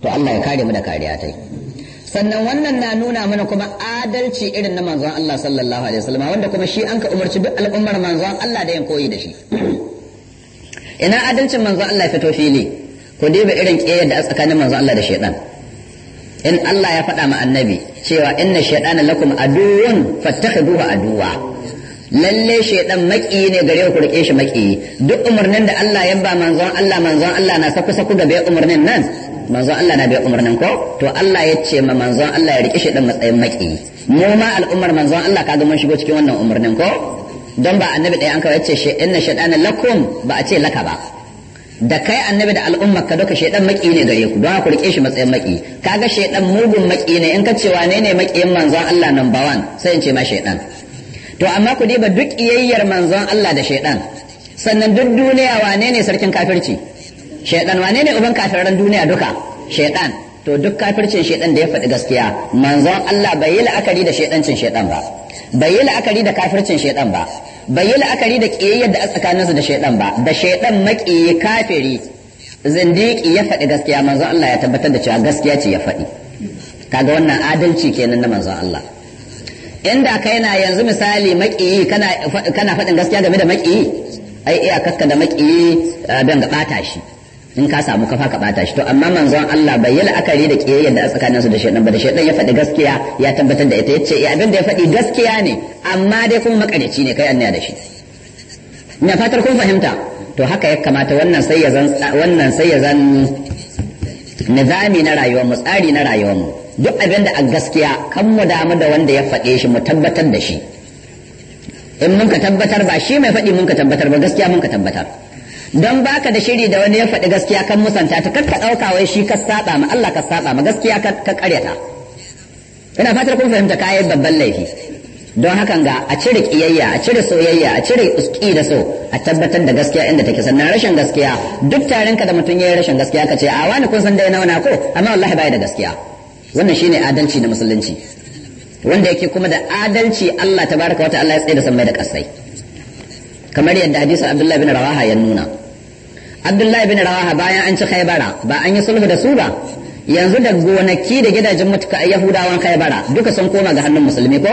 to Allah ya kare mu da kariya tai sannan wannan na nuna mana kuma adalci irin na manzon Allah sallallahu alaihi wasallam wanda kuma shi an ka umarci duk al'ummar manzon Allah da yin koyi da shi ina adalcin manzon Allah ya fito fili ko dai ba irin kiyaye da tsakanin manzon Allah da shaytan in Allah ya faɗa ma annabi cewa inna shaytana lakum aduwwan fattakhiduhu aduwa lalle shaytan maƙiyi ne gare ku rike shi maƙiyi duk umarnin da Allah ya ba manzon Allah manzon Allah na saku saku gaba umarnin nan manzon Allah na bai umarnin ko to Allah ya ce ma manzon Allah ya rike shi dan matsayin maki mu ma al'ummar manzon Allah kaga mun shigo cikin wannan umarnin ko don ba annabi ɗaya an kawai ya ce shi inna shaitana lakum ba a ce laka ba da kai annabi da al'ummar ka duka shaidan maki ne gare ku don ku rike shi matsayin maki kaga shaidan mugun maki ne in ka ce wane ne makiyin manzon Allah number one sai in ce ma shaidan to amma ku diba duk iyayyar manzon Allah da shaidan sannan duk duniya wane ne sarkin kafirci shaidan wane ne uban kafiran duniya duka shaidan to duk kafircin shaidan da ya faɗi gaskiya manzon Allah bai yi la'akari da shaidancin shaidan ba bai yi la'akari da kafircin shaidan ba bai yi la'akari da kiyayyar da a tsakaninsu da shaidan ba da shaidan maƙiyi kafiri zindiki ya faɗi gaskiya manzon Allah ya tabbatar da cewa gaskiya ce ya faɗi kaga wannan adalci kenan na manzon Allah inda kai na yanzu misali maƙiyi kana kana faɗin gaskiya game da maƙiyi ai iya da maƙiyi ban eh, bata shi in ka samu kafa ka bata shi to amma manzon Allah bai yi la'akari da kiyayen da a tsakaninsu da shaidan ba da shaidan ya faɗi gaskiya ya tabbatar da ita yace eh, abin da ya faɗi gaskiya ne amma dai kuma makareci ne kai annaya da shi ina fatar kun fahimta to haka ya kamata wannan sai ya zan wannan sai ya zan nizami na rayuwar mu tsari na rayuwar mu duk abin da a gaskiya kan mu damu da wanda ya faɗe shi mu tabbatar da shi in mun ka tabbatar ba shi mai faɗi mun ka tabbatar ba gaskiya mun ka tabbatar don baka da shiri da wani ya faɗi gaskiya kan musanta ta kakka ɗauka wai shi ka saba ma Allah ka saba ma gaskiya ka karyata ina fatar kun fahimta kayan babban laifi don hakan ga a cire kiyayya a cire soyayya a cire uski da so a tabbatar da gaskiya inda take sannan rashin gaskiya duk tarin ka da mutum ya yi rashin gaskiya ka ce a wani kun san dai na ko amma wallahi bai da gaskiya wannan shine adalci na musulunci wanda yake kuma da adalci Allah tabaraka wata Allah ya tsaye da san da kasai kamar yadda hadisin Abdullah bin Rawaha ya nuna abdullahi bin rawaha bayan an ci khaybara ba an yi sulhu da su ba yanzu da gonaki da gidajen mutuka a yahudawan khaybara duka sun koma ga hannun musulmi ko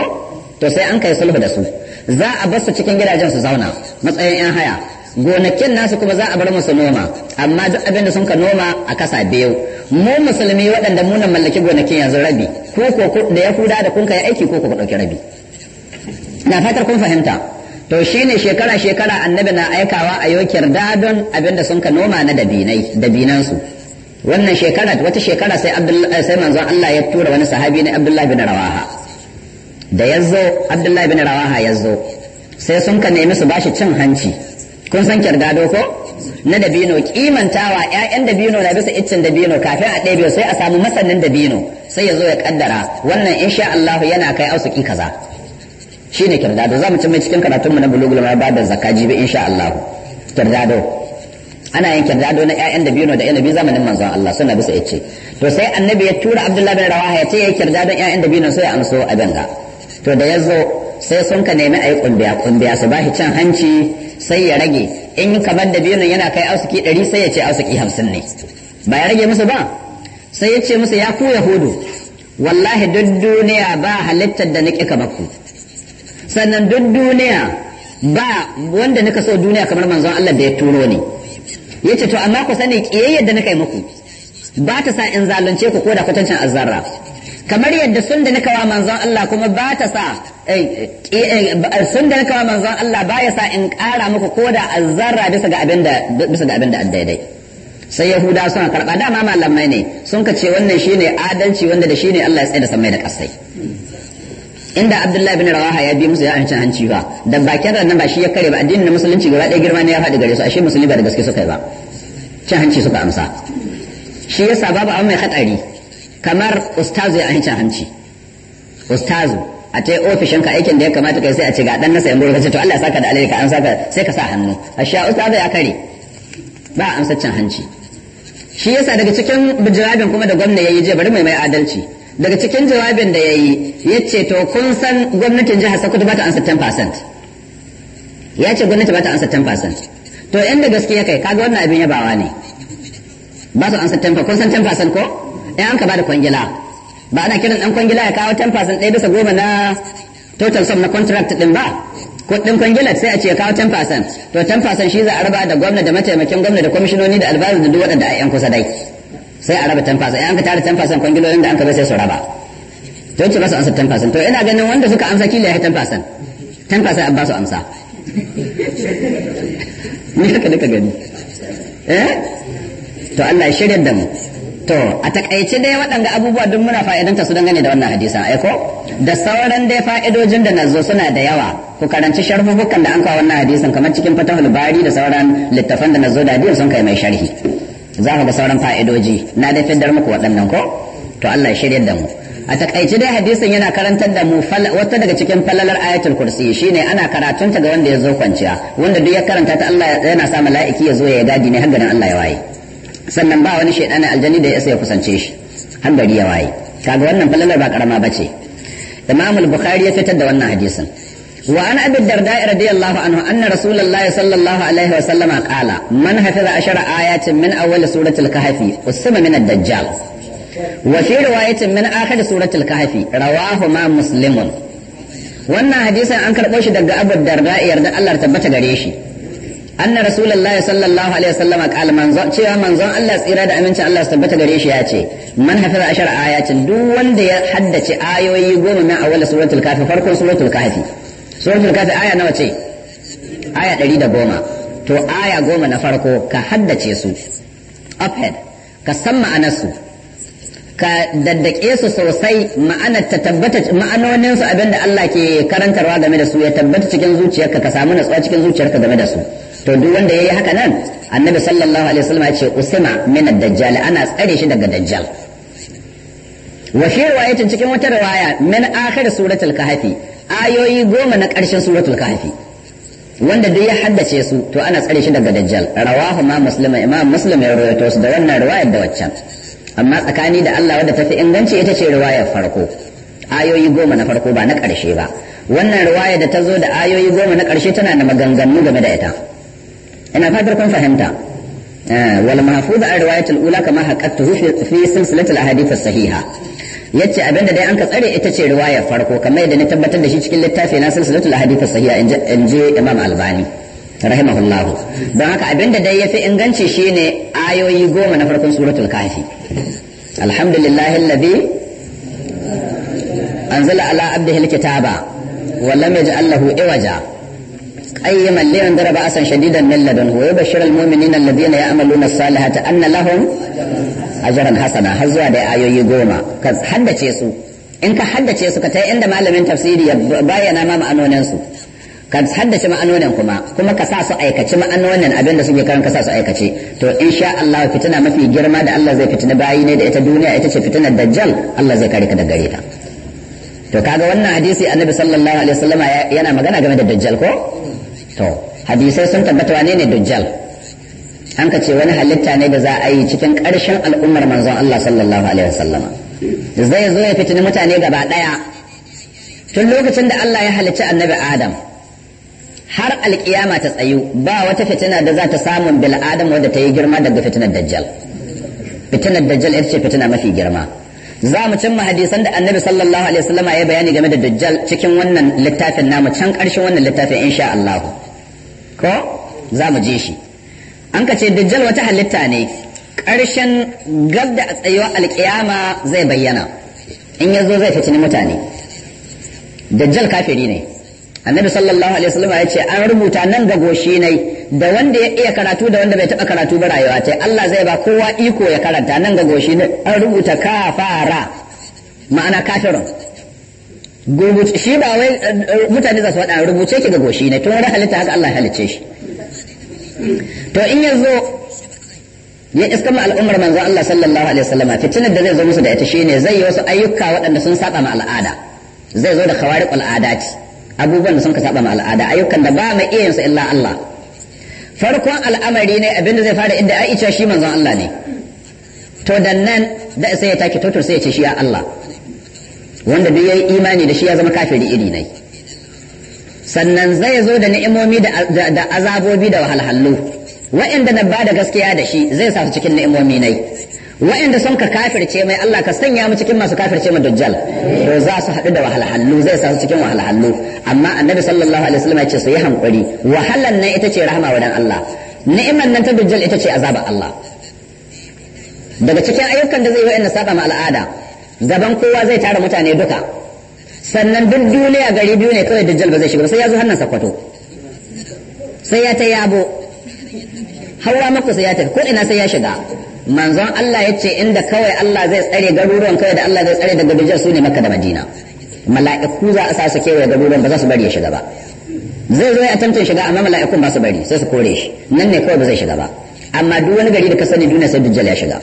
to sai an kai sulhu da su za a bar su cikin gidajen su zauna matsayin yan haya gonakin nasu kuma za a bar musu noma amma duk abin da sun ka noma a kasa biyu mu musulmi waɗanda muna mallaki gonakin yanzu rabi ko ko da yahuda da kun yi aiki ko ku ɗauki rabi na fatar kun fahimta to ne shekara shekara annabi na aikawa a kyarda dadon abinda sun ka noma na dabinai dabinansu wannan shekara wata shekara sai eh, sai manzon Allah ya tura wani sahabi ne abdullahi bin Rawaha da yazo abdullahi bin Rawaha yazo sai sun ka nemi su bashi cin hanci kun san kirdado ko na dabino kimantawa ƴaƴan dabino na bisa iccen dabino kafin a ɗebe sai a samu masanin dabino sai ya zo ya kaddara wannan insha Allah yana kai ausuki kaza shine kirdado za mu ci mai cikin karatun na bulugul ma ba da zakka jibi insha Allah kirdado ana yin kirdado na ƴaƴan da biyu da ƴaƴan biyu zamanin manzon Allah suna bisa yace to sai annabi ya tura Abdullah bin Rawaha ya ce yayi kirdadon ƴaƴan da biyu sai ya amso a danga to da yazo sai sun ka nemi ayi kumbiya kumbiya su bashi can hanci sai ya rage in kamar da biyu yana kai asuki 100 sai ya ce asuki 50 ne ba ya rage musu ba sai ya ce musu ya ku yahudu wallahi duk duniya ba halittar da nake kamar ku sannan duk duniya ba wanda nika so duniya kamar manzon Allah da ya turo ni yace to amma ku sani kiyayyar da nika yi muku ba ta sa in zalunce ku ko da kwatancin azzarra kamar yadda sun da nika wa manzon Allah kuma ba ta sa eh, eh, eh, sun da nika wa manzon Allah ba ya sa in kara muku ko da azzarra bisa ga abin da bisa ga abin da daidai sai yahuda suna karɓa dama malamai ne sun ka ce wannan shine adalci wanda da shine Allah ya tsaya da samai da kasai inda abdullahi bin rawaha ya bi musu ya hanci hanci ba da bakin nan ba shi ya kare ba addinin na musulunci gaba ɗaya girma ne ya faɗi gare su ashe musulmi ba da gaske suka yi ba cin hanci suka amsa shi ya sa babu abu mai hatsari kamar ustazu ya hanci hanci ustazu a ta ofishin ka aikin da ya kamata kai sai a ce ga dan nasa yan burka ce to Allah ya saka da ka an saka sai ka sa hannu ashe ustazu ya kare ba amsa cin hanci shi yasa daga cikin bijirabin kuma da gwamna ya yi je bari mai mai adalci daga cikin jawabin da ya yi ya ce to kun san gwamnatin jihar sokoto ba ta ansa 10% ya ce gwamnati ba ta ansa 10% to inda gaskiya kai kaga wannan abin yabawa ne ba su ansa 10% kun san 10% ko in an ka ba da kwangila ba ana kiran dan kwangila ya kawo 10% ɗaya bisa goma na total sum na contract din ba kuɗin kwangila sai a ce ya kawo 10% to 10% shi za a raba da gwamna da mataimakin gwamna da kwamishinoni da albarin da duk waɗanda a 'yan kusa dai sai a raba 10% in an ka tara 10% kwangilolin da an ka bai sai su raba to ce ba su amsa 10% to ina ganin wanda suka amsa kila ya 10% 10% an ba su amsa ni haka duka gani eh to Allah ya shirya da mu to a takaice dai waɗanda abubuwa duk muna fa'idanta su dangane da wannan hadisan aiko da sauran dai fa'idojin da nazo suna da yawa ku karanci sharhuhukan da an kawo wannan hadisan kamar cikin fatahul bari da sauran littafan da nazo da hadisan sun kai mai sharhi za mu ga sauran fa'idoji na dai dar muku waɗannan ko to Allah ya shirya da mu a takaice dai hadisin yana karantar da mu wata daga cikin falalar ayatul kursi shine ana karatun ta ga wanda ya zo kwanciya wanda duk ya karanta ta Allah yana sa la'iki ya zo ya gadi ne har garin Allah ya waye sannan ba wani shaidan aljani da ya isa ya kusance shi har gari ya waye kaga wannan falalar ba karama bace Imam al-Bukhari ya fitar da wannan hadisin وعن أبي الدرداء رضي الله عنه أن رسول الله صلى الله عليه وسلم قال من حفظ عشر آيات من أول سورة الكهف قسم من الدجال وفي رواية من آخر سورة الكهف رواهما مسلم wannan hadisin an karbo shi daga abu darda yarda Allah tabbata gare shi anna rasulullahi sallallahu alaihi wasallam qala manzo cewa manzon Allah tsira da amincin Allah tabbata gare shi ya ce man hafiza ashar ayatin duk wanda ya haddace ayoyi goma na awwal suratul kafi farkon suratul kafi suratul kafir aya nawa ce aya ɗari da goma to aya goma na farko ka haddace su uphead ka san ma'anarsu ka daddake su sosai ma'anar ta tabbata ma'anonin abinda Allah ke karantarwa game da su ya tabbata cikin zuciyarka ka samu natsuwa cikin zuciyarka game da su to duk wanda yayi haka nan annabi sallallahu alaihi wasallam ya ce usima min ad ana tsare shi daga dajjal wa fi riwayatin cikin wata riwaya min akhir suratul kahfi ayoyi goma na ƙarshen suratul kahfi wanda duk ya haddace su to ana tsare shi daga dajjal rawahu ma muslim imam muslim ya rawaito su da wannan riwayar da waccan amma tsakani da Allah wadda tafi inganci ita ce riwayar farko ayoyi goma na farko ba na ƙarshe ba wannan riwaya da ta zo da ayoyi goma na ƙarshe tana da maganganu game da ita ina fatar kun fahimta eh, wal mahfuz a riwayatul ula kama haqqatu fi silsilatul ahadith as-sahiha yace abinda dai an ka tsare ita ce riwayar farko kamar yadda na tabbatar da shi cikin littafi na silsilatul ahadith sahiha in je imam albani rahimahullahu don haka abinda dai yafi inganci shine ayoyi goma na farkon suratul kafi alhamdulillahi alladhi anzala ala abdihi alkitaba wa lam yaj'al lahu iwaja قيما لمن ضرب أسا شديدا من لدنه ويبشر المؤمنين الذين يعملون الصالحات أن لهم أجرا حسنا هزوا دي آيو يقوما حدث يسوع in ka haddace su ka ta inda malamin tafsiri ya bayyana ma ma'anonin su ka haddace ma'anonin kuma kuma ka sa su aikace ma'anonin abin da suke karan ka sa su aikace to insha Allah fitina mafi girma da Allah zai fitina bayi ne da ita duniya ita ce fitinar dajjal Allah zai kare ka da gare ta to kaga wannan hadisi annabi sallallahu alaihi yana magana game da dajjal ko to hadisai sun tabbata wane ne dujjal an ka ce wani halitta ne da za a yi cikin ƙarshen al'ummar manzon Allah sallallahu alaihi wasallam zai zo ya fitini mutane gaba daya tun lokacin da Allah ya halicci annabi Adam har alƙiyama ta tsayu ba wata fitina da za ta samun bil Adam wadda ta yi girma daga fitinar dajjal fitinar dajjal ita ce fitina mafi girma za mu cimma hadisan da annabi sallallahu alaihi wasallam ya bayani game da dajjal cikin wannan littafin namu can ƙarshen wannan littafin insha Allah ko za mu je shi an ka ce dajjal wata halitta ne ƙarshen gab da tsayuwar alƙiyama zai bayyana in ya zo zai cini mutane dajjal kafiri ne annabi sallallahu alaihi wasallam ya ce an rubuta nan ga goshi ne da wanda ya iya karatu da wanda bai taɓa karatu ba rayuwa ta Allah zai ba kowa iko ya karanta nan ga goshi ne an rubuta kafara ma'ana kafirin rubuce shi ba wai eh, mutane za su faɗa rubuce ki ga goshi ne tun wani halitta haka Allah halicce shi to in ya zo ya iska ma al'ummar manzo Allah sallallahu alaihi wasallam fitinar da zai zo musu da ita shine zai yi wasu ayyuka waɗanda sun saba ma al'ada zai zo da khawariq al'adat abubuwan da sun ka saba ma al'ada ayyukan da ba mai iyayensu illa Allah farkon al'amari ne abinda zai fara inda Aisha shi manzo Allah ne to dan nan da sai ya take totor sai ya ce shi ya Allah wanda ya yi imani da shi ya zama kafiri iri ne sannan zai zo da ni'imomi da azabobi da wahalhallu wa'inda na ba da gaskiya da shi zai sa su cikin ni'imomi ne wa'inda sun ka kafirce mai Allah ka sanya mu cikin masu kafirce mu dajjal to za su haɗu da wahalhallu zai sa su cikin wahalhallu amma annabi sallallahu alaihi wasallam ya ce su yi hankuri wahalan nan ita ce rahama wa dan Allah ni'iman nan ta dajjal ita ce azaba Allah daga cikin ayyukan da zai yi wa'inda saba ma al'ada gaban kowa zai tara mutane duka sannan duk duniya gari biyu ne kawai dajjal ba zai shiga sai ya zo hannun sakwato sai ya ta yabo hawa maka sai ya tafi ko ina sai ya shiga manzon Allah ya ce inda kawai Allah zai tsare garuruwan kawai da Allah zai tsare daga dajjal su ne makka da madina mala'iku za a sa su kewaye garuruwan ba za su bari ya shiga ba zai zo ya tantan shiga amma mala'ikun ba su bari sai su kore shi nan ne kawai ba zai shiga ba amma duk wani gari da ka sani duniya sai dajjal ya shiga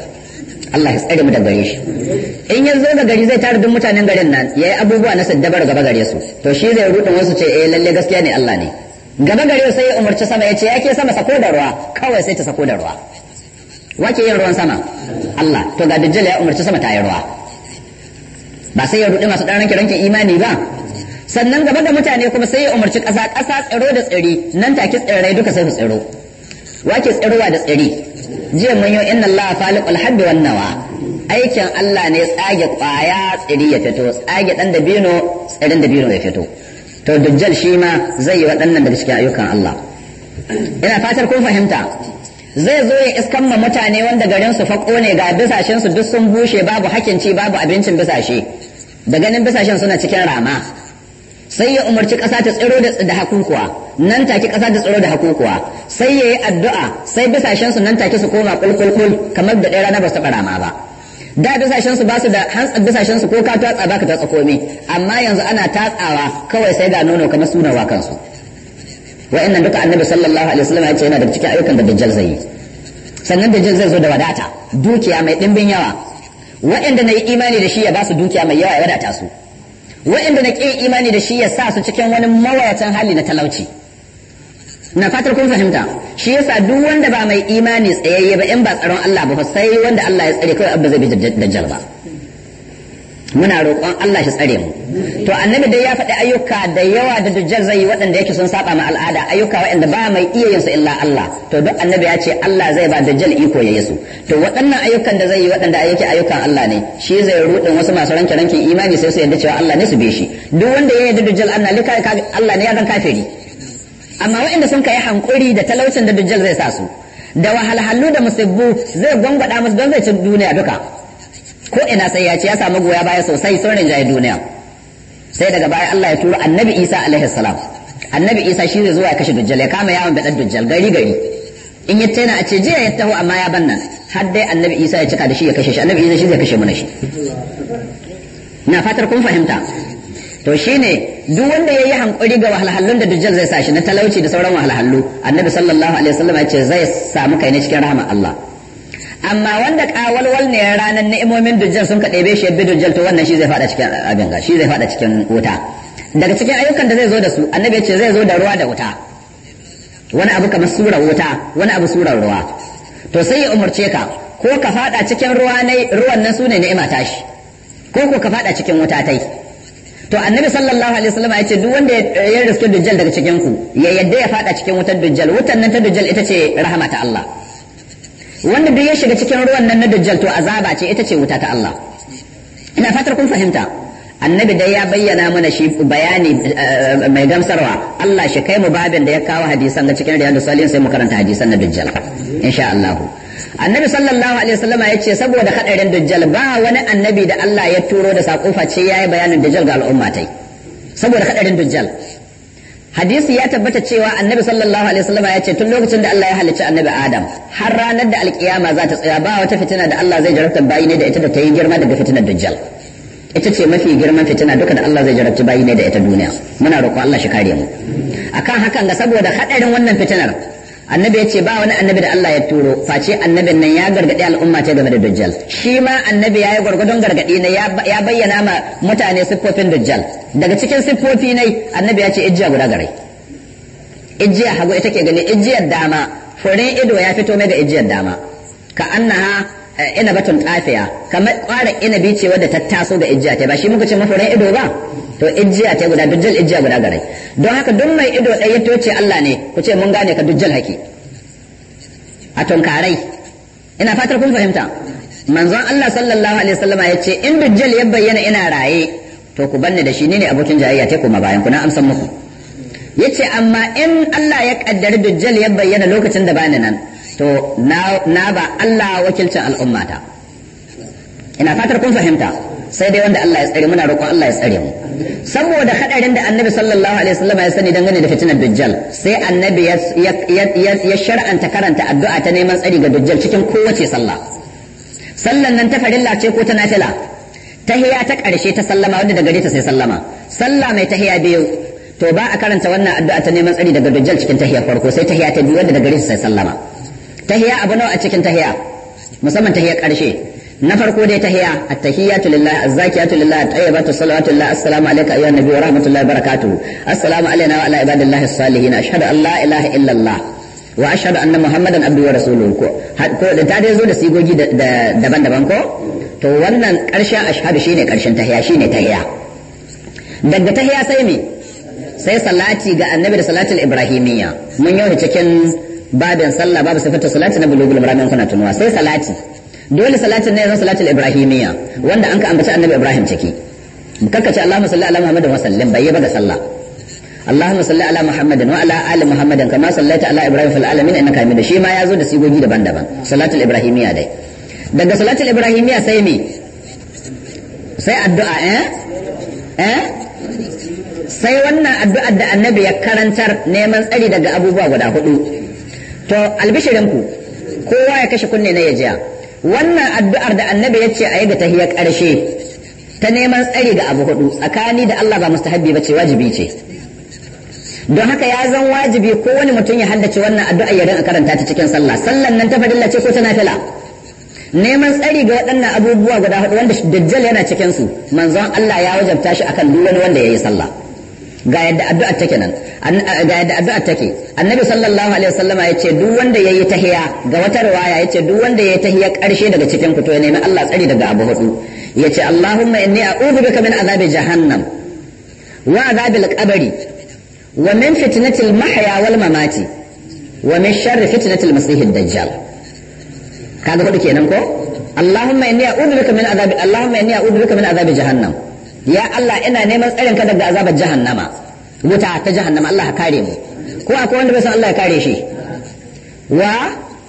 Allah ya tsare mu da gare shi in ya zo ga gari zai tara duk mutanen garin nan ya yi abubuwa na saddabar gaba gare su to shi zai rudin wasu ce eh lalle gaskiya ne Allah ne gaba gare sai ya umarci sama ya ce yake sama sako da ruwa kawai sai ta sako da ruwa wake yin ruwan sama Allah to ga dajjal ya umarci sama ta yi ruwa ba sai ya rudi masu dan ranke ranke imani ba sannan gaba da mutane kuma sai ya umarci kasa kasa tsaro da tsari. nan take tsirrai duka sai su tsaro wake tsirowa da tsari? jiya mun yi inna Allah faliqul habbi wan nawa aikin Allah ne tsage kwaya tsiri ya fito tsage dan dabino tsirin dabino ya fito to dajjal shi ma zai yi waɗannan daga cikin ayyukan Allah ina fatar kun fahimta zai zo ya iskan ma mutane wanda garin su fa ne ga bisashen su duk sun bushe babu hakin ci babu abincin bisashe da ganin bisashen suna cikin rama sai ya umarci ƙasa ta tsiro da hakunkuwa nan take ƙasa da tsaro da hakukuwa sai ya yi addu'a sai bisashen su nan take su koma kulkulkul kamar da ɗaya rana ba su taɓa ma ba da bisashen su ba su da hantsar bisashen su ko ka tatsa ba ka tatsa komai amma yanzu ana tatsawa kawai sai ga nono kamar sunawa kansu wa'annan duka annabi sallallahu alaihi wasallam ya ce yana da cikin ayyukan da dajjal zai yi sannan dajjal zai zo da wadata dukiya mai ɗimbin yawa wa'anda na yi imani da shi ya ba su dukiya mai yawa ya wadata su wa'anda na ƙi imani da shi ya sa su cikin wani mawayatan hali na talauci na fatar kun fahimta shi yasa duk wanda ba mai imani tsayayye ba in ba tsaron Allah ba sai wanda Allah ya tsare kawai abba zai bi dajjal ba muna roƙon Allah shi tsare mu to annabi dai ya faɗi ayyuka da yawa da dajjal zai yi waɗanda yake sun saba ma al'ada ayyuka waɗanda ba mai iya yin su illa Allah to duk annabi ya ce Allah zai ba dajjal iko ya su to waɗannan ayyukan da zai yi waɗanda ayyuka ayyukan Allah ne shi zai rudin wasu masu ranke ranke imani sai su yarda cewa Allah ne su bi shi duk wanda ya yarda dajjal Allah ne Allah ne ya zan kafiri amma waɗanda sun kai hankuri da talaucin da dujjal zai sa su da wahalhallu da musibbu zai gwangwada musu don zai ci duniya duka ko ina sai ya ce ya samu goya baya sosai sun rinjaye duniya sai daga baya Allah ya tura annabi Isa alaihi salam annabi Isa shi zai zuwa ya kashe dujjal ya kama yawon bidan dujjal gari gari in ya tana a ce jiya ya taho amma ya bannan har dai annabi Isa ya cika da shi ya kashe shi annabi Isa shi zai kashe mana shi na fatar kun fahimta to shine duk wanda ya yi hankuri ga wahalhalun da dajjal zai sashi na talauci da sauran wahalhallu annabi sallallahu alaihi wasallam ya ce zai samu kai ne cikin rahama Allah amma wanda kawalwal ne ranar ni'imomin dajjal sun ka ɗebe shi ya bi dajjal to wannan shi zai fada cikin abin ga shi zai fada cikin wuta daga cikin ayyukan da zai zo da su annabi ya ce zai zo da ruwa da wuta wani abu kamar surar wuta wani abu surar ruwa to sai ya umarce ka ko ka fada cikin ruwa ruwan nan sune ni'ima tashi ko ko ka fada cikin wuta tai to annabi sallallahu alaihi wasallam ya ce duk wanda ya riske dujjal daga cikin ku ya yadda ya fada cikin wutar dujjal wutar nan ta dujjal ita ce rahama ta Allah wanda duk ya shiga cikin ruwan nan na dujjal to azaba ce ita ce wuta ta Allah ina fatar kun fahimta annabi dai ya bayyana mana shi bayani eh, mai gamsarwa Allah shi kai mu babin da ya kawo hadisan da cikin riyadu salihin sai mu karanta hadisan na dujjal insha Allah annabi sallallahu alaihi wasallam ya ce saboda hadarin dujjal ba wani annabi da Allah ya turo da sako face yayi bayanin dujjal ga al'umma tai saboda hadarin dujjal hadisi ya tabbata cewa annabi sallallahu alaihi wasallam ya ce tun lokacin da Allah ya halicci annabi Adam har ranar da alkiyama za ta tsaya ba wata fitina da Allah zai jarabta bayi ne da ita da ta yi girma daga fitinar dujjal ita ce mafi girman fitina duka da Allah zai jarabci bayi ne da ita duniya muna roƙon Allah shi kare mu akan hakan ga saboda hadarin wannan fitinar annabi ya ce ba wani annabi da Allah ya turo face annabin nan ya gargade al'umma ce game da dajjal shi ma annabi ya yi gargadi gargaɗi ne ya bayyana ma mutane siffofin dajjal daga cikin siffofi ne annabi ya ce ijiya guda gare ijiya hagu ita ke gani ijiyar dama furin ido ya fito mai ga ijiyar dama ka annaha Eh, inabatun kafiya kamar kwara inabi ce wadda ta taso da ijiya ta ba shi muka ce mafuran ido ba to ijiya ta guda dujjal ijiya guda garai don haka duk mai ido ɗaya to ce Allah ne ku ce mun gane ka dujjal haki a tunkarai ina fatar kun fahimta manzon Allah sallallahu alaihi wasallama ya ce in dujjal ya bayyana ina raye to ku banni da shi ni ne abokin jayayya ta kuma bayan ku na amsan muku yace amma in Allah ya kaddari dujjal ya bayyana lokacin da bani nan to na ba Allah wakilcin al'ummata ina fatar kun fahimta sai dai wanda Allah ya tsare muna roƙon Allah ya tsare mu saboda hadarin da annabi sallallahu alaihi wasallam ya sani dangane da fitinar dajjal sai annabi ya shar'anta karanta addu'a ta neman tsari ga dajjal cikin kowace sallah sallan nan ta farilla ce ko ta nafila tahiya ta ƙarshe ta sallama wanda daga ta sai sallama sallah mai tahiya biyu to ba a karanta wannan addu'a ta neman tsari daga dajjal cikin tahiyar farko sai tahiya ta biyu wanda daga ta sai sallama tahiya abu nawa a cikin tahiya musamman tahiya karshe na farko dai tahiya at-tahiyatu lillahi az-zakiyatu lillahi at-tayyibatu salawatu lillahi assalamu alayka ayyuhan nabiyyu wa rahmatullahi wa barakatuh assalamu alayna wa ala ibadillahi as-salihin ashhadu an la ilaha illa wa ashhadu anna muhammadan abduhu wa rasuluhu ko da ta dai zo da sigogi daban-daban ko to wannan karshen ashhadu shine karshen tahiya shine tahiya daga tahiya sai me sai salati ga annabi da salatul ibrahimiyya mun yau cikin babin sallah babu sifatu salati na bulugul marami kuna tunuwa sai salati dole salatin ne zan salatul ibrahimiyya wanda an ka ambaci annabi ibrahim ciki kakka ce allahumma salli ala muhammadin wa sallim bai ba ga sallah اللهم صل على محمد وعلى ال محمد كما صليت على ابراهيم في العالمين انك حميد شي ما يزو da sigogi daban-daban salatul ibrahimiyya dai daga salatul ibrahimiyya sai me sai addu'a eh eh sai wannan addu'ar da annabi ya karantar neman tsari daga abubuwa guda hudu to albishirinku kowa ya kashe kunne na yajiya wannan addu'ar da annabi ya ce a yi ga tahiyar ƙarshe ta neman tsari ga abu hudu tsakani da Allah ba mustahabbi ba ce wajibi ce don haka ya zan wajibi ko wani mutum ya haddace wannan addu'a ya rin a karanta ta cikin sallah sallan nan ta fadilla ce ko ta nafila neman tsari ga waɗannan abubuwa guda hudu wanda dajjal yana cikin su manzon Allah ya wajabta shi akan duk wani wanda yi sallah ga yadda addu'a take nan ga yadda addu'a take annabi sallallahu alaihi wasallama yace duk wanda yayi tahiya ga wata riwaya yace duk wanda yayi tahiya karshe daga cikin ku to ya nemi Allah tsari daga abu hudu yace Allahumma inni a'udhu bika min azabi jahannam wa azabi al-qabri wa min fitnati al-mahya wal mamati wa min sharri fitnati al-masih ad-dajjal kaga hudu kenan ko Allahumma inni a'udhu bika min azabi Allahumma inni a'udhu bika min azabi jahannam ya Allah ina neman tsarin ka daga azabar jahannama wuta ta jahannama Allah ka kare mu ko akwai wanda bai san Allah ya kare shi wa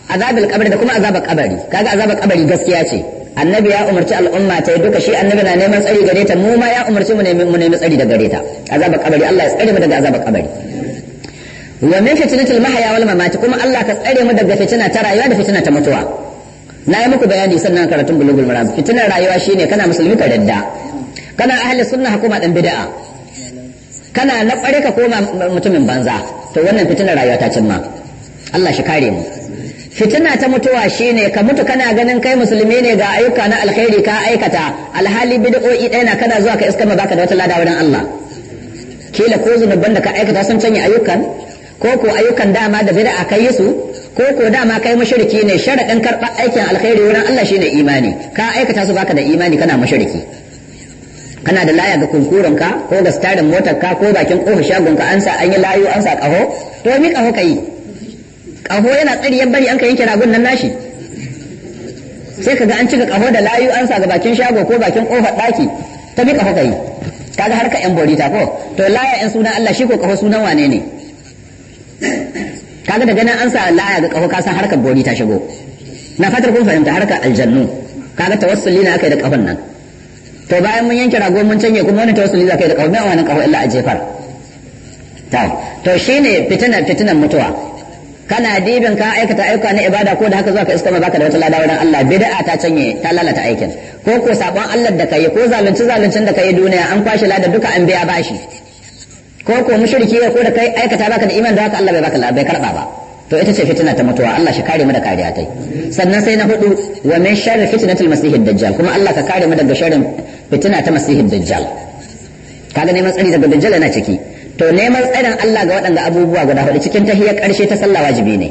azabil kabari da kuma azabar kabari kaga azabar kabari gaskiya ce annabi ya umarci al'umma ta yi duka shi annabi na neman tsari gare ta mu ma ya umarci mu nemi tsari da gare ta azabar kabari Allah ya tsare mu daga azabar kabari wa min fitnatil mahya wal mamati kuma Allah ka tsare mu daga fitina ta rayuwa da fitina ta mutuwa na yi muku bayani sannan karatun bulugul maram fitinar rayuwa shine kana musulmi ka radda kana ahli sunna ko ma dan bid'a kana na kware ka koma mutumin banza to wannan fitinar rayuwa ta cimma Allah shi kare mu fitina ta mutuwa shine ka mutu kana ganin kai musulmi ne ga ayyuka na alkhairi ka aikata alhali bid'o'i ɗaya na kana zuwa ka iska ma baka da wata lada wurin Allah kila ko zunuban da ka aikata sun canya ayyukan ko ko ayyukan dama da bid'a kai yusu su ko ko dama kai mushriki ne sharadin karɓar aikin alkhairi wurin Allah shine imani ka aikata su baka da imani kana mushriki kana da laya ga kunkurin ka ko ga starin motar ka ko bakin kofar shagon ka an sa an yi layu an sa kaho to mi kaho kai kaho yana tsari yan bari an ka yanke ragon nan nashi sai kaga an cika kaho da layu an sa ga bakin shago ko bakin kofar daki ta mi kaho kai kaga har ka yan ta ko to laya yan sunan Allah shi ko kaho sunan wane ne kaga daga nan an sa laya ga kaho ka san harkar ta shigo na fatar kun fahimta harkar aljannu kaga tawassuli na akai da kafan nan to bayan mun yanke rago mun canje kuma wani tawassuli za ka yi da kauna wani kawo illa a jefar ta to shine fitina fitinan mutuwa kana dibin ka aikata ayyuka na ibada ko da haka zuwa ka iska ma baka da wata ladawa dan Allah bid'a ta canye ta lalata aikin ko ko sabon Allah da kai ko zalunci zaluncin da kai duniya an kwashi ladar duka an biya bashi ko ko mushriki ko da kai aikata baka da iman da haka Allah bai baka bai karba ba to ita ce fitina ta mutuwa Allah shi kare mu da kariya tai sannan sai na hudu wa min sharri fitnatil masihid dajjal kuma Allah ka kare mu daga sharrin fitina ta masihid dajjal kaga neman tsari daga dajjal yana ciki to neman tsarin Allah ga waɗanda abubuwa guda hudu cikin tahiyar karshe ta sallah wajibi ne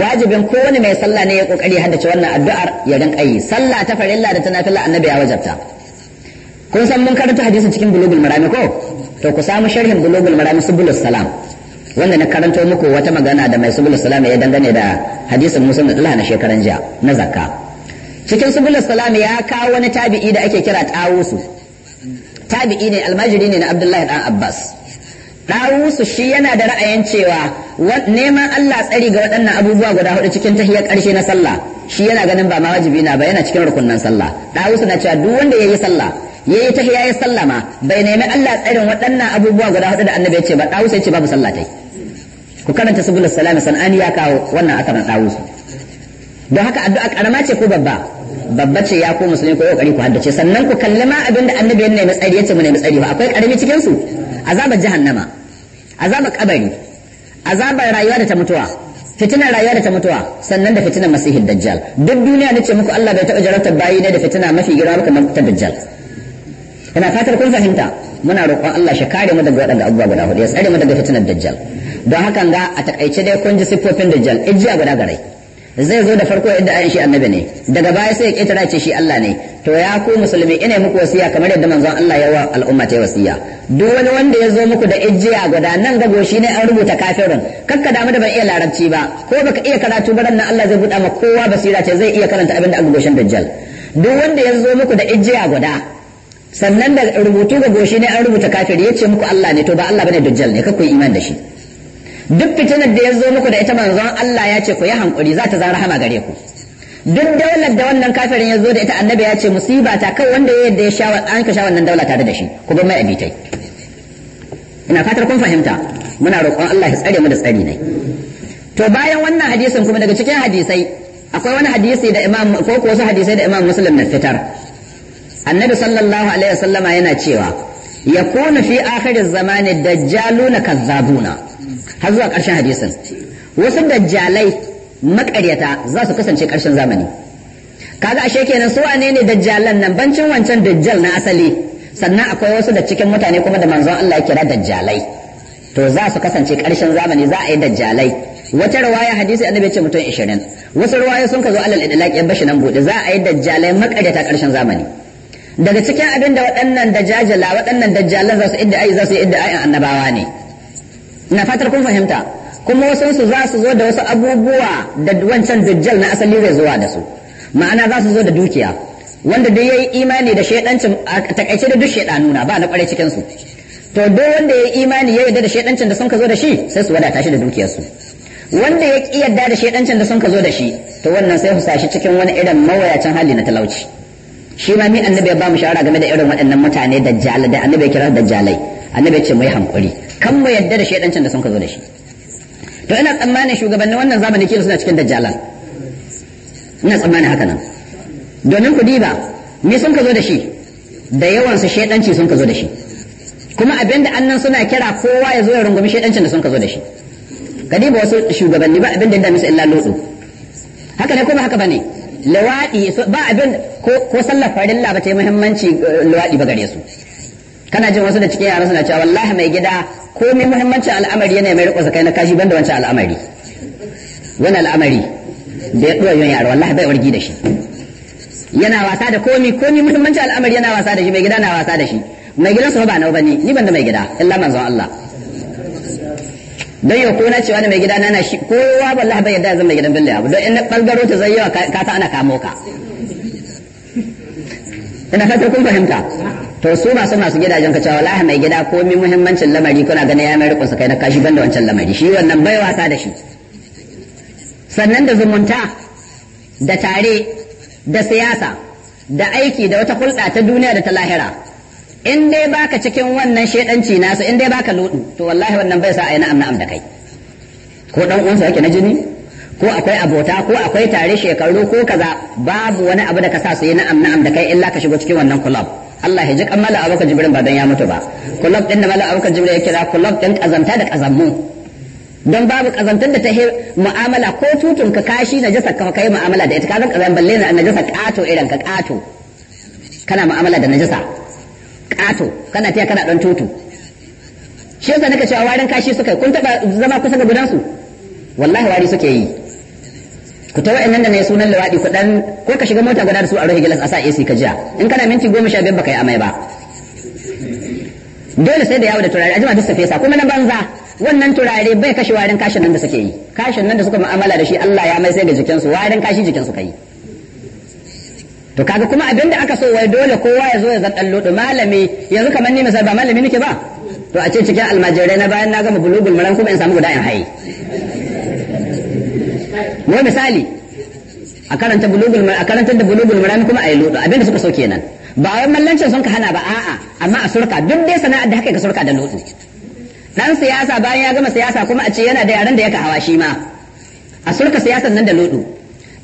wajibin kowane mai sallah ne ya kokari haddace wannan addu'ar ya rinka yi sallah ta farilla da ta annabi ya wajabta kun san mun karanta hadisin cikin bulugul marami ko to ku samu sharhin bulugul marami subulus salam wanda na karanto muku wata magana da mai subul salam ya dangane da hadisin musa da na shekaran jiya na zakka cikin subul salam ya kawo wani tabi'i da ake kira tawusu tabi'i ne almajiri ne na abdullahi dan abbas Tawusu shi yana da ra'ayin cewa neman Allah tsari ga waɗannan abubuwa guda hudu cikin tahiyar ƙarshe na sallah shi yana ganin ba ma wajibi na ba yana cikin rukunnan sallah tawusu na cewa duk wanda ya yi sallah ya yi tahiya ya sallama bai nemi Allah tsarin waɗannan abubuwa guda hudu da annabi ya ce ba tawusu ya ce babu sallah ta yi ku karanta subul salami sanani ya kawo wannan aka matsawo su don haka addu'a karama ce ko babba babba ce ya ko musulmi ko kokari ku haddace sannan ku kalli ma abinda annabi ne nemi tsari yace mu nemi tsari ba akwai karami cikin su azabar jahannama azabar kabari azabar rayuwa da ta mutuwa fitinar rayuwa da ta mutuwa sannan da fitinar masihin dajjal duk duniya nace muku Allah bai taɓa jarabtar bayi ne da fitina mafi girma kamar ta dajjal ina fatar kun fahimta muna roƙon Allah shi kare mu daga waɗanda abubuwa guda hudu ya tsare mu daga fitinar dajjal don hakan ga a takaice dai kun ji siffofin dajjal ijiya guda garai zai zo da farko yadda ayin shi annabi ne daga baya sai ya ƙetara ce shi Allah ne to ya ku musulmi ina muku wasiya kamar yadda manzon Allah ya wa al'umma ta wasiya duk wani wanda ya zo muku da ijiya guda nan gago shi ne an rubuta kafirin kakka damu da ban iya larabci ba ko baka iya karatu ba nan Allah zai buɗa ma kowa basira ce zai iya karanta abin da aka goshin dajjal duk wanda ya zo muku da ijiya guda sannan da rubutu ga goshi ne an rubuta kafiri ya ce muku Allah ne to ba Allah bane dajjal ne kakku iman da shi duk fitinar da ya zo muku da ita manzon Allah ya ce ku yi hankuri za ta zara hama gare ku duk daular da wannan kafirin ya zo da ita annabi ya ce musiba ta kai wanda ya yadda ya sha an ka sha wannan daula tare da shi ku bar mai abitai ina fatar kun fahimta muna roƙon Allah ya tsare mu da tsari ne to bayan wannan hadisin kuma daga cikin hadisai akwai wani hadisi da imam ko ko wasu hadisai da imam muslim na fitar annabi sallallahu alaihi wasallama yana cewa yakunu fi akhiriz zamani dajjaluna kazzabuna har zuwa ƙarshen hadisin wasu dajjalai maƙaryata za su kasance ƙarshen zamani kaga ashe kenan su wane ne dajjalan nan bancin wancan dajjal na asali sannan akwai wasu da cikin mutane kuma da manzon Allah ya kira dajjalai to za su kasance ƙarshen zamani za a yi dajjalai wata ruwaya hadisi annabi ce mutum 20 wasu ruwaya sun ka zo alal idlaq yan bashi nan bude za a yi dajjalai maƙaryata ƙarshen zamani daga cikin abin da waɗannan dajjajala waɗannan dajjalan za su idda ai za su idda ai annabawa ne na fatar kun fahimta kuma wasu su za su zo da wasu abubuwa da wancan dajjal na asali zai zuwa da su ma'ana za su zo da dukiya wanda ya yayi imani da shedancin a takaice da duk na ba na kware cikin su to duk wanda yayi imani ya yarda da shedancin da sun ka zo da shi sai su wadata shi da dukiyarsu wanda ya ki yarda da shedancin da sun ka zo da shi to wannan sai su sashi cikin wani irin mawayacin hali na talauci shi ma mi annabi ya ba mu shawara game da irin waɗannan mutane da jalai da annabi ya kira da jalai annabi ya ce mai yi hankuri kan mu yadda da shaidancin da sun ka zo da shi to ina tsammanin shugabannin wannan zamani kila suna cikin dajjalan ina tsammanin haka nan domin ku diba me sun ka zo da shi da yawan su shaidanci sun ka zo da shi kuma abinda annan suna kira kowa ya zo ya rungumi shaidancin da sun ka zo da shi ka diba wasu shugabanni ba abinda da musu illa lutsu haka ne kuma haka bane luwaɗi ba abin ko sallar farilla ba ta yi muhimmanci eh, luwaɗi ba gare su kana jin wasu da cikin yaran suna cewa wallahi mai gida mai muhimmancin al'amari yana mai riko sakai na kashi banda wancan al'amari wani al'amari da ya ɗora yaro wallahi bai wargi da shi yana wasa da komi komi muhimmancin al'amari yana wasa da shi mai gida na wasa da shi mai gidan su ba nawa bane ni banda mai gida illa manzo Allah dan yau ko na cewa ne mai gida na shi kowa wallahi bai yadda zan mai gidan billahi abu dan in balgaro ta zai yawa ka ta ana kamo ka ina fata kun fahimta to su masu masu gidajen ka cewa wallahi mai gida ko mi muhimmancin lamari kuna ganin ya mai rikon sa kai na kashi banda wancan lamari shi wannan bai wasa da shi sannan da zumunta da tare da siyasa da aiki da wata hulɗa ta duniya da ta lahira in dai baka cikin wannan shedanci nasu in dai baka ludu to wallahi wannan bai sa ayi na'am na'am da kai ko dan uwansa yake na jini ko akwai abota ko akwai tare shekaru ko kaza babu wani abu da ka sa su yi na'am na'am da kai illa ka shigo cikin wannan club Allah ya ji kan mala abokan jibrin ba dan ya mutu ba kullab din da mala abokan jibrin ya kira kullab din kazanta da kazammu don babu kazantar da ta yi mu'amala ko tutun ka kashi na jasa ka kai mu'amala da ita ka zan kazan balle na najasa kato irin ka kato kana mu'amala da najasa kato kana tiya kana dan tutu shi yasa naka cewa warin kashi suka kun taba zama kusa ga gudansu wallahi wari suke yi ku ta nan da mai sunan luwaɗi ku dan ko ka shiga mota guda da su a rufe gilas a sa AC ka jiya in kana minti goma sha biyar baka yi amai ba dole sai da yawo da turare a jima duk su fesa kuma na banza wannan turare bai kashe warin kashin nan da suke yi kashin nan da suka mu'amala da shi Allah ya mai sai ga jikinsu warin kashi jikinsu kai to kaga kuma abin da aka so wai dole kowa ya zo ya zaɗan lodo malami yanzu kamar ni misali ba malami nake ba to a ce cikin almajirai na bayan na gama bulugul maran kuma in samu guda in haye wai misali a karanta bulugul a karanta da bulugul maram kuma a yi lodo abinda suka so kenan ba wai mallancin sun ka hana ba a'a amma a surka duk dai sana'ar da haka ka surka da lodo dan siyasa bayan ya gama siyasa kuma a ce yana da yaran da ya ka hawa shi ma a surka siyasan nan da lodo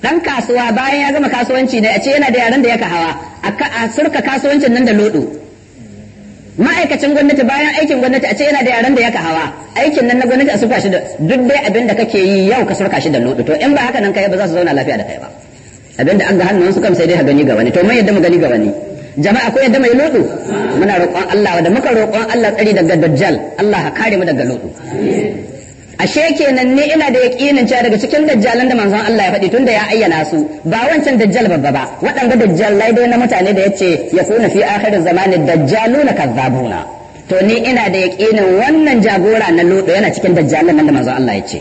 dan kasuwa bayan ya gama kasuwanci ne a ce yana da yaran da ya ka hawa a surka kasuwancin nan da lodo ma'aikacin gwamnati bayan aikin gwamnati a ce yana da yaran da ya ka hawa aikin nan na gwamnati a surka shi da duk dai abin da kake yi yau ka surka shi da lodo to in ba haka nan kai ba za su zauna lafiya da kai ba abin da an ga hannun su kam sai dai ha gani ga wani to mai yadda mu gani ga wani jama'a ko yadda mai lodo muna roƙon Allah da muka roƙon Allah tsari daga dajjal Allah ka kare mu daga lodo ashe kenan ni ina da yaqinin cewa daga cikin dajjalan da manzon Allah ya faɗi da ya ayyana su ba wancan dajjal babba ba waɗanda lai dai na mutane da yace ya kuna fi akhirin zamani dajjaluna kazzabuna to ni ina da yaƙinin wannan jagora na lodo yana cikin dajjalan nan da manzon Allah ya ce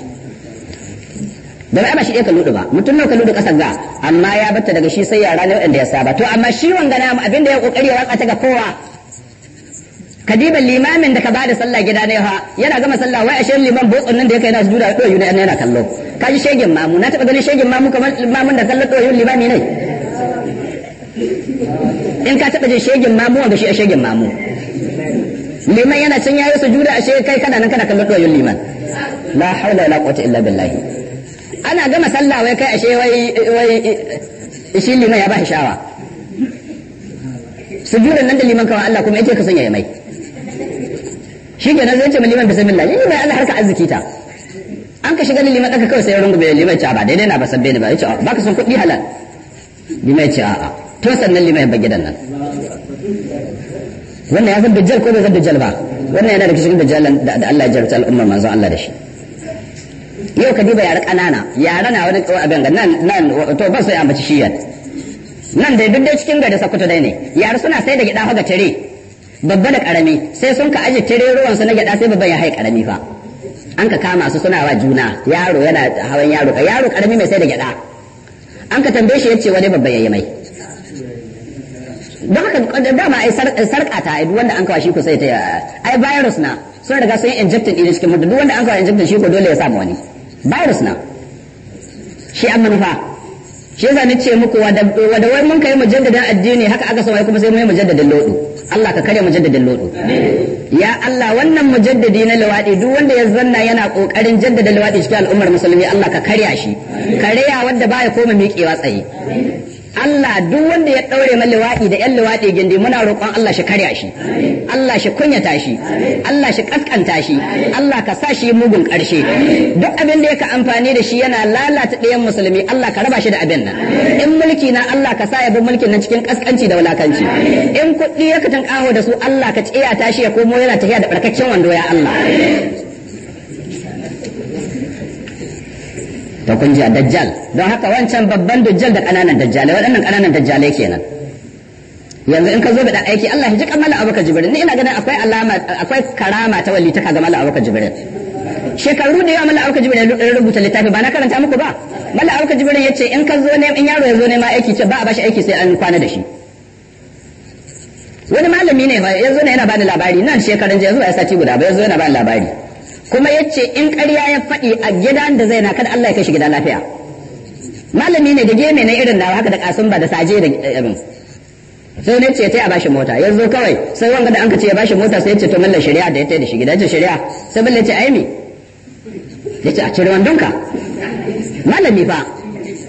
da ba shi ka ludu ba mutum nawa ka ludu ƙasar ga amma ya batta daga shi sai yara ne waɗanda ya saba to amma shi wanga na abin da ya kokari ya watsa ta ga kowa kadiban limamin da ka bada sallah gida ne ha yana gama sallah wai ashe liman botsun nan da yake yana sujuda doyu ne yana kallo ka ji shegen mamu na taba ganin shegen mamu kamar mamun da kallo doyu limami ne in ka taba jin shegen mamu wanda shi a shegen mamu liman yana can yayi sujuda ashe kai kana nan kana kallo doyu liman la haula wala quwwata illa billahi ana gama sallah wai kai ashe wai wai eh, shi liman ya ba shi shawa sujudan nan da liman kawai Allah kuma yake ka sanya ya mai shi ke nan zai ce liman bismillah yi mai Allah harka arziki ta an ka shiga liman ɗaka kawai sai ya rungume liman ce ba daidai na ba sabbe ne ba ya ce ba ka son kuɗi halal liman ce a'a to sannan liman ya gidan nan wannan ya san dajjal ko bai san dajjal ba wannan yana da cikin dajjal da Allah ya jarabta al'ummar manzo Allah da shi yau ka diba yara ƙanana yara na wani abin ga nan nan to ba sai ambaci shiyan nan dai duk dai cikin gari sakuta dai ne yara suna sai da gida haga tare babba da karami sai sun ka aje ruwan su na gyada sai babban ya hai karami fa an ka kama su suna wa juna yaro yana hawan yaro ka yaro karami mai sai da gyada an ka tambaye shi yace wani babban yayi mai don haka dama ai ta ai wanda an kawo shi ko sai ta ai virus na sun riga sun yi injectin din cikin mutum duk wanda an kawo injectin shi ko dole ya samu wani virus na shi an manufa shi yasa ni ce muku wada wai mun kai mujaddadin addini haka aka sawai kuma sai mu yi mujaddadin lodo Allah ka kare mujaddadin lodo ya Allah wannan mujaddadi na lawadi duk wanda ya zanna yana kokarin jaddada lawadi cikin al'ummar musulmi Allah ka karya shi ya wanda baya koma miƙewa tsaye Allah duk wanda ya ɗaure na liwaɗi da ‘yan liwaɗi gindi muna roƙon Allah shi karya shi, Allah shi kunyata shi, Allah shi ƙasƙanta shi, Allah ka sa shi mugun ƙarshe. Duk abin da ya ka amfani da shi yana lalata ɗayan musulmi Allah ka raba shi da abin nan. In mulki na Allah ka sa ya bi mulkin nan cikin ƙasƙanci da wulakanci. In kuɗi ya ka tanƙaho da su Allah ka tsiyata tashi ya komo yana tafiya da ɓarkakken wando ya Allah. to kun ji a dajjal don haka wancan babban dajjal da ƙananan dajjalai waɗannan ƙananan dajjalai kenan yanzu in ka zo da aiki Allah ya ji kamala abuka jibril ni ina ganin akwai alama akwai karama ta walli ta kaga mala abuka jibril shekaru da yawa mala abuka jibril ya rubuta littafi ba na karanta muku ba mala abuka jibril yace in ka zo ne in yaro ya zo ne ma aiki ce ba a bashi aiki sai an kwana da shi wani malami ne ya zo ne yana bani labari nan shekarun jiya zuwa ya sati guda ba ya zo yana bani labari kuma ya ce in ƙarya ya faɗi a gidan da zai na kada Allah ya kai shi gida lafiya malami ne da geme na irin nawa haka da kasun ba da saje da irin eh, sai ne ce ta a bashi mota ya zo kawai sai wanga da an ce ya bashi mota sai ya ce to mallan shari'a da ya tai da shi gida ce shari'a sai mallan ce ai me ya ce a cire wandonka malami fa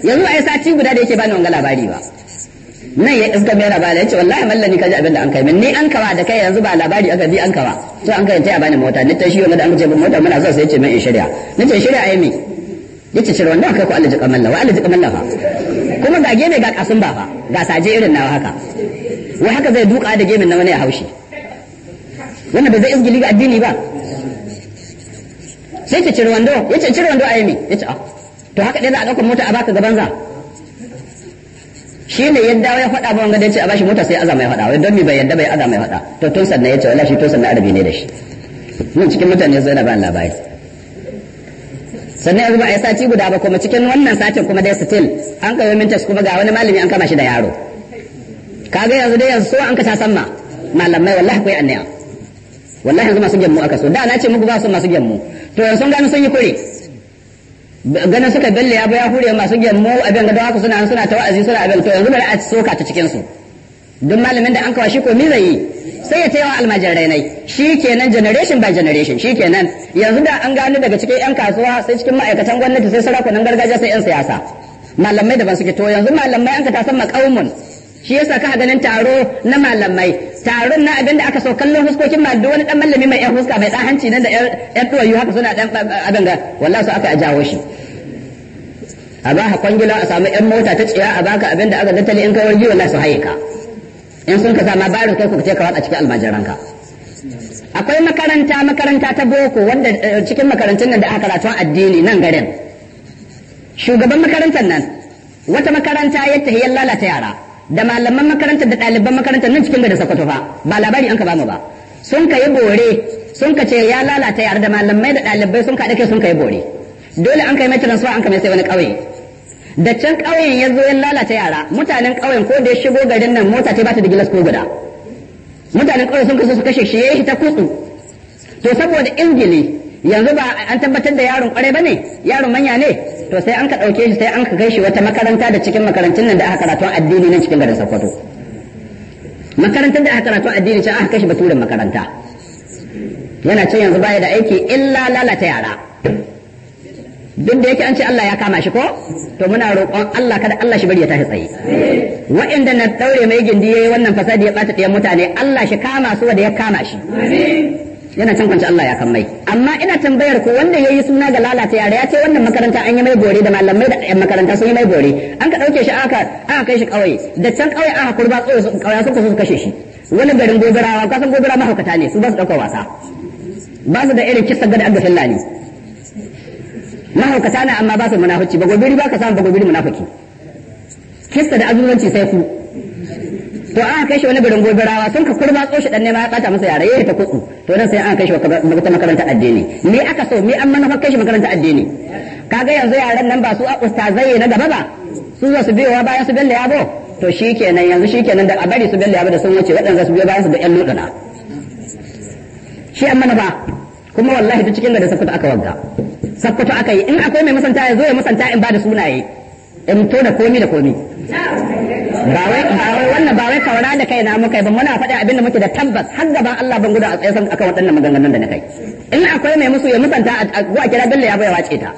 yanzu a yi sati guda da yake bani wanga labari ba nan ya iska mera ba ya ce wallahi mallani ka ji abin da an kai min ni an kawa da kai yanzu ba labari aka bi an kawa to an kai taya bani mota ni ta shi wanda an ce bin mota muna zuwa sai ce mai in shirya ni ce shirya ai me yace shari'a wanda kai ku Allah ji kamalla wa Allah ji kamalla fa kuma ga gene ga kasun ba fa ga saje irin nawa haka wai haka zai duka da gemin na wani ya haushi wannan ba zai izgili ga addini ba sai ce cire wando yace cire wando ai me yace ah. to haka dai za a dauka mota a baka gaban za shi ne yadda ya faɗa ba wanga da ce a bashi mota sai azama ya faɗa wai don mi bai yadda bai azama ya faɗa to tun sannan ya ce shi tun sannan arabi ne da shi mun cikin mutane sai na ba labari sannan yanzu ba a yi sati guda ba kuma cikin wannan satin kuma dai still an kai mintas kuma ga wani malami an kama shi da yaro kaga yanzu dai yanzu so an ka san ma malamai wallahi kai annaya wallahi yanzu masu gemu aka so da na ce muku ba su masu gemu to yanzu sun gano sun yi kure ganin suka belle ya ya hure masu gemu abin da don haka suna suna ta wa'azi suna abin to yanzu bari a soka ta cikin su duk malamin da an kawo shi ko me zai yi sai ya taiwa almajirai nai shi kenan generation by generation shi kenan yanzu da an gano daga cikin yan kasuwa sai cikin ma'aikatan gwamnati sai sarakunan gargajiya sai yan siyasa malamai daban suke to yanzu malamai an ka san makaumun shi yasa ka ganin taro na malamai taron na abin da aka so kallon huskokin ma wani dan mallami mai yan huska mai dan hanci nan da yan duwayu haka suna dan abin ga wallahi su aka ajawo shi a ba kwangila a samu yan mota ta tsiya a baka abin da aka dattali in kawai wallahi su haye ka in sun ka sama barin kai ku ce ka watsa cikin ka. akwai makaranta makaranta ta boko wanda eh, cikin makarantun nan da aka karatun addini nan garin shugaban makarantar nan wata makaranta yadda ya lalata yara da malaman makarantar da ɗaliban makarantar nan cikin garin Sokoto fa ba labari an ka bamu ba sun kai bore sun ka ce ya lalata yare da malamai da ɗalibai sun kaɗa kai sun kai bore dole an kai mai transfer an kai mai sai wani ƙauye da can ƙauyen ya zo ya lalata yara mutanen ƙauyen ko da ya shigo garin nan mota ce ba ta da gilas ko guda mutanen ƙauyen sun kaso su kashe shi ya yi ta kutsu to saboda ingili yanzu ba an tabbatar da yaron kwarai bane yaron manya ne to sai an ka dauke shi sai an ka kai shi wata makaranta da cikin makarantun nan da aka karatu addini nan cikin garin Sokoto makarantar da aka karatu addini ce aka kai shi makaranta yana cin yanzu baya da aiki illa lalata yara duk da yake an ce Allah ya kama shi ko to muna roƙon Allah kada Allah shi bari ya tashi tsaye wa'inda na daure mai gindi yayi wannan fasadi ya bata ɗayan mutane Allah shi kama su da ya kama shi yana can kwanci Allah ya kan mai amma ina tambayar ku wanda ya yi suna ga lalata yare ya ce wannan makaranta an yi mai bore da malamai da yan makaranta sun yi mai bore an ka ɗauke shi aka aka kai shi ƙauye da can ƙauye aka kurba ƙauya suka su kashe shi wani garin gobirawa kasan gobara mahaukata ne su ba su ɗauka wasa ba su da irin kisa gada aga filla mahaukata ne amma ba su munafuci ba gobiri ba ka samu ba gobiri munafuki kisa da azumanci sai ku to an kai shi wani garin gobirawa sun ka kurma tsoshi dan nema ya kata masa yare yayi ta kutsu to nan sai an kai shi wata makarantar addini me aka so me an manufa kai shi makarantar addini kaga yanzu yaran nan ba su a ustazai na gaba ba su za su biyo bayan su bella yabo to shikenan yanzu shikenan da a bari su bella yabo da sun wuce waɗanda su biyo bayan su da ƴan lodana shi an manufa kuma wallahi duk cikin da sakkwato aka wagga sakkwato aka yi in akwai mai masanta ya zo ya masanta in ba da sunaye in to da komi da komi ba wai wannan ba wai kaura da kai na muka yi ba muna faɗa abin da muke da tabbas har gaban Allah ban gudu a tsaye san akan waɗannan maganganun da na kai in akwai mai musu ya musanta a zuwa kira Bello ya bai wace ta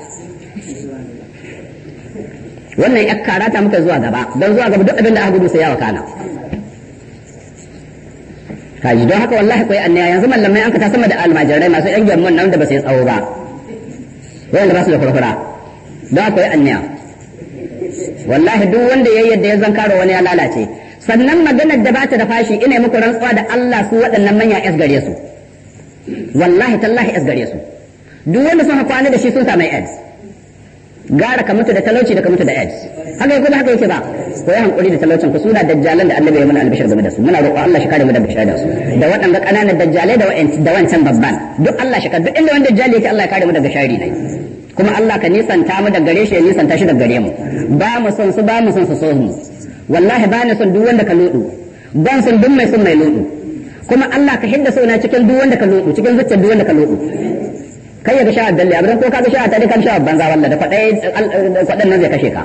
wannan ya karata muka zuwa gaba don zuwa gaba duk abin da aka gudu sai ya wakana kaji don haka wallahi koyi annaya yanzu mallamai an ka sama da almajirai masu yan gyamman nan da ba su yi tsawo ba wanda ba su da kurkura don akwai annaya wallahi duk wanda ya yadda ya zankaro wani ya lalace sannan maganar da bata da fashi ina muku rantsuwa da Allah su waɗannan manya es gare su wallahi tallahi es gare su duk wanda sun hakwani da shi sun samu aids gara ka mutu da talauci da ka mutu da aids haka kuma haka yake ba ko ya hankuri da talaucin ku suna dajjalan da Allah ya mana albishir game da su muna roƙo Allah shi kare mu da bishara da su da waɗannan ƙananan dajjalai da da wancan babban duk Allah shi kare duk inda wanda dajjali yake Allah ya kare mu daga shari ne kuma Allah ka nisanta mu da gare shi ya nisanta shi da gare mu ba mu son su ba mu son su so mu wallahi ba ni son duk wanda ka lodo ban son duk mai son mai lodo kuma Allah ka hidda sona cikin duk wanda ka lodo cikin zuciyar duk wanda ka lodo kai ya ga sha'ar dalle abin ko ka ga sha'ar ta dai kan sha'ar banza wallahi da kwadai kwadan nan zai kashe ka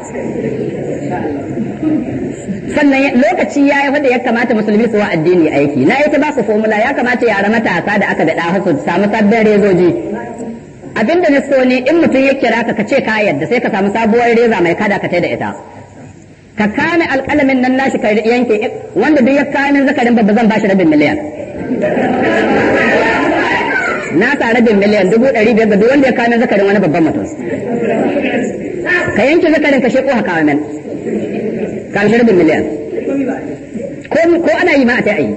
sannan lokaci ya yi wanda ya kamata musulmi su wa addini aiki na ita ba su formula ya kamata yara matasa da aka da su samu sabbin rezoji abinda na so ne in mutum ya kira ka kace ka yadda sai ka samu sabuwar reza mai kada ka tai da ita ka kame alƙalamin nan nashi ka yanke wanda duk ya kame zakarin babba zan bashi rabin miliyan na sa rabin miliyan dubu ɗari biyar ga duk wanda ya kame zakarin wani babban mutum ka yanke zakarin ka sheko haka min ka rabin miliyan ko ana yi ma a ta yi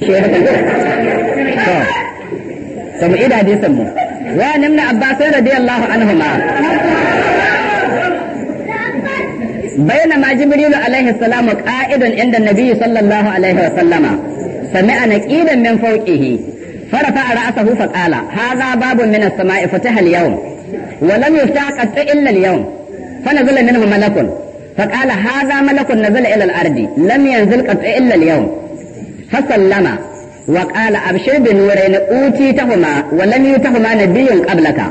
to sabu ida dai san mu wa nan na abbasai radiyallahu anhuma bayna ma jibrilu alaihi salam qa'idan inda nabiyyi sallallahu alaihi wasallama sami'a naqidan min fawqihi farafa ra'sahu fa qala hadha babun min as-sama'i fataha al-yawm wa lam yuftaqat illa al-yawm fa nazala malakun فقال هذا ملك نزل الى الارض لم ينزل قط فسلم وقال أبشر بنورين أوتيتهما ولم يؤتهما نبي قبلك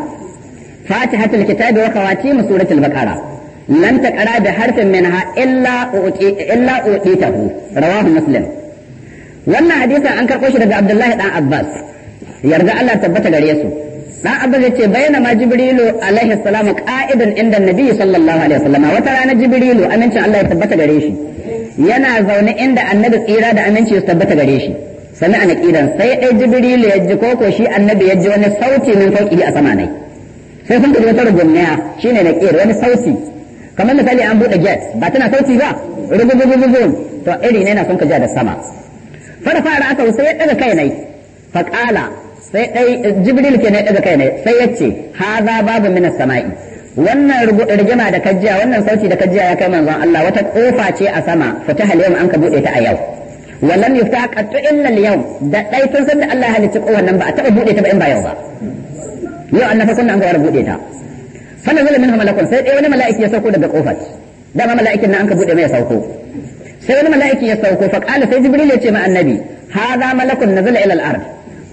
فاتحة الكتاب وخواتيم سورة البقرة لم تقرأ بحرف منها إلا أوتي إلا أوتيته رواه مسلم wannan hadisin an karɓo shi daga Abdullahi dan Abbas yarda Allah tabbata gare su dan Abbas yace bayyana ma Jibrilu alaihi salam qa'idan inda Nabi sallallahu alaihi wasallam wata rana Jibrilu amincin Allah ya tabbata gare shi yana zaune inda annabi tsira da aminci su tabbata gare shi sami a naƙidan sai ɗai jibrilu ya ji koko shi annabi ya ji wani sauti min fauƙi a sama ne sai sun kaji wata rugunniya shine naƙir wani sauti kamar misali an buɗe get ba tana sauti ba rugugugugugun to iri ne na sun kaji da sama fara fara aka sai ya ɗaga kai nai faƙala sai ɗai jibril ke na ɗaga kai nai sai ya ce haza babu minas sama'i wannan rigima da kajiya wannan sauti da kajiya ya kai manzon Allah wata kofa ce a sama fita al an ka bude ta a yau wallan ta qattu illa yau yawm da dai tun san da Allah ya halicci kofar nan ba a taba bude ta ba in ba yau ba yau annabi sunna an ga a bude ta fa nazala minhu malakun sai dai wani mala'iki ya sauko daga kofa dama mala'ikin nan an ka bude mai sauko sai wani mala'iki ya sauko fa sai jibril ya ce ma annabi hadha malakun nazala ila al-ard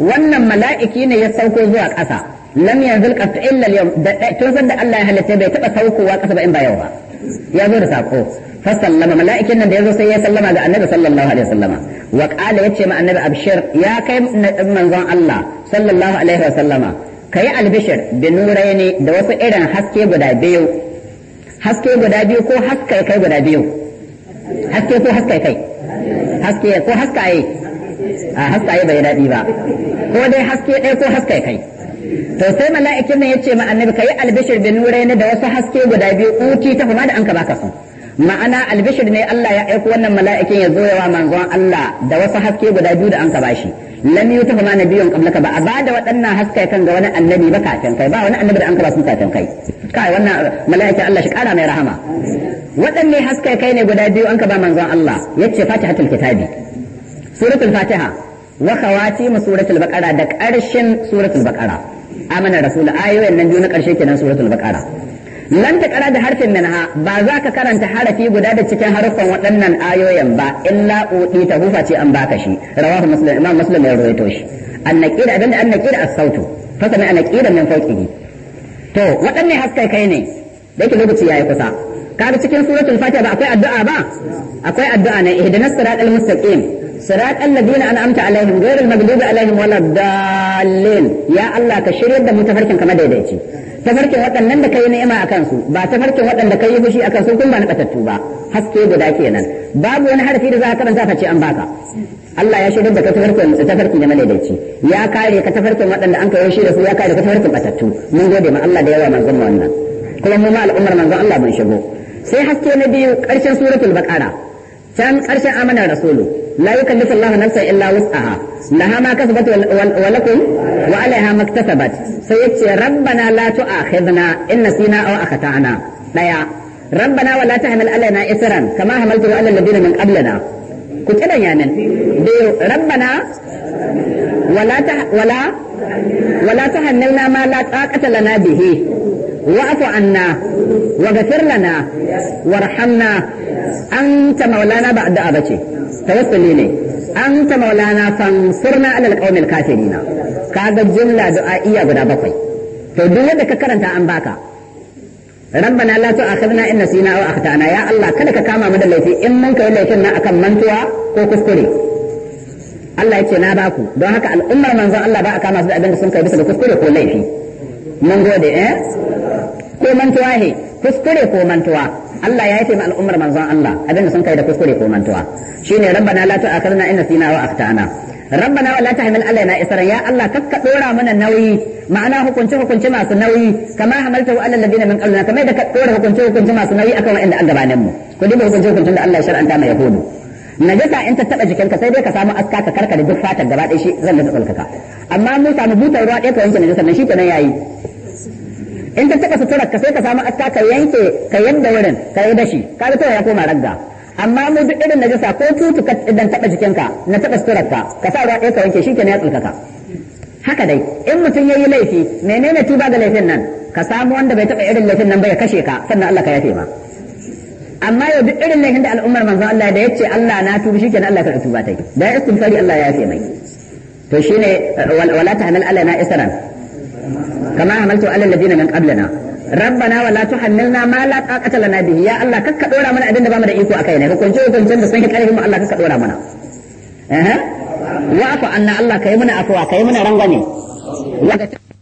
wannan mala'iki ne ya sauko zuwa ƙasa lam yanzil qattu illa al-yawm tun san da Allah ya halitta bai taba saukowa kasa ba in ba yau ba ya zo da sako fa sallama mala'ikin nan da yazo sai ya sallama ga annabi sallallahu alaihi wasallama wa qala yace ma annabi abshir ya kai manzon Allah sallallahu alaihi wasallama kai albishir bi nuraini da wasu irin haske guda biyu haske guda biyu ko haske kai guda biyu haske ko haske kai haske ko haskaye a haske haskaye bai daɗi ba ko dai haske ɗaya ko haske kai to sai mala'ikin nan yace ma annabi kai albishir bin nuraini da wasu haske guda biyu kuti ta kuma da anka baka su ma'ana albishir ne Allah ya aiko wannan mala'ikin ya zo yawa manzon Allah da wasu haske guda biyu da an anka bashi lam yuta kuma nabiyun qablaka ba a bada waɗannan haske kan ga wani annabi ba kafin kai ba wani annabi da anka ba su kafin kai kai wannan mala'ikin Allah shi kara mai rahama waɗanne haske kai ne guda biyu an ka ba manzon Allah yace fatihatul kitabi suratul fatiha wa khawati suratul baqara da ƙarshen suratul baqara amana rasul ayoyin nan biyu na karshe kenan suratul baqara lan ta kara da harfin minha ba za ka karanta harafi guda da cikin harfan waɗannan ayoyin ba illa uti ta hufa ce an baka shi rawahu muslim imam muslim ya rawaito shi an naqira abin da an naqira as-sautu fa sami an naqira min fawqihi to waɗanne haskai kai ne da yake lokaci yayi kusa kaga cikin suratul fatiha ba akwai addu'a ba akwai addu'a ne ihdinas siratal mustaqim siratal ladina an'amta alaihim ghairil maghdubi alaihim waladdallin ya Allah ka shiryar da mu tafarkin kamar daidaici tafarkin waɗannan da kai ni'ima akan su ba tafarkin waɗanda kai fushi akan su kun ba na batattu ba haske guda kenan babu wani harfi da za ka karanta face an baka Allah ya shirya da ka tafarkin tafarkin da madaidaici ya kare ka tafarkin waɗanda an kawo shi da su ya kare ka tafarkin batattu mun gode ma Allah da yawa manzon wannan kuma mu ma al'ummar manzon Allah mun shigo sai haske na biyu ƙarshen suratul baqara can ƙarshen amana rasulu la yukallifu Allah nafsan illa wus'aha laha ma kasabat wa lakum wa 'alayha maktasabat sai yace rabbana la tu'akhidna in nasina aw akhtana daya rabbana wa la tahmil alaina isran kama hamaltu ala alladhina min qablina ku kidan yanan biyu rabbana wala ta wala wala tahammilna ma la taqata lana bihi واعف عنا واغفر لنا وارحمنا أنت مولانا بعد أبتي توصلي لي أنت مولانا فانصرنا على القوم الكافرين كذا جملة دعائية غدا بقي فدنيا بككرنت أن باكا ربنا لا تؤاخذنا إن نسينا أو أخطأنا يا الله كذا كما مدى ليتي إن منك ولا يكنا أكم منتوا وكسكري Allah ya ce na baku don haka al'ummar manzon Allah ba a kama su da abin da sun kai bisa da kuskure ko laifi mun gode eh ko mantuwa ne kuskure ko mantuwa Allah ya yi taimaka al'ummar manzon Allah abinda sun kai da kuskure ko mantuwa shine rabbana la tu'akhirna in nasina wa akhtana rabbana wa la tahmil alaina isran ya Allah kakka dora mana nauyi ma'ana hukunci hukunci masu nauyi kama wa ala ladina min qablina kamar da ka dora hukunci hukunci masu nauyi akan wa'anda an gabanin mu ku duba hukunci hukuncin da Allah ya shar'anta mai yahudu najasa in ta taba jikinka sai dai ka samu aska ka karkare duk fatar gaba ɗaya shi zan da tsalkaka amma mun samu butar ruwa ɗaya ka wanke najasa nan shi kenan yayi in ka taka suturar ka sai ka samu aska ka yanke ka yadda wurin ka yi dashi ka ga ya koma ragga amma mu duk irin najasa ko tutu ka idan taba jikinka na taba suturar ka ka sa ruwa ɗaya ka wanke shikenan ya tsulkaka haka dai in mutum yi laifi menene tuba ga laifin nan ka samu wanda bai taba irin laifin nan ba ya kashe ka sannan Allah ka yafe ma amma ya duk irin laifin da al'ummar manzon Allah da yace Allah na tubi shikenan Allah ka tuba tai da istighfari Allah ya yafe mai to shine wala tahmal alana isran kama hamaltu alal ladina min qablana rabbana wala tuhammilna ma la taqata lana bihi ya Allah kakka dora mana abinda bamu da iko akai ne hukunci hukuncin da sun ka karfin mu Allah kakka dora mana eh wa'fu anna Allah kai muna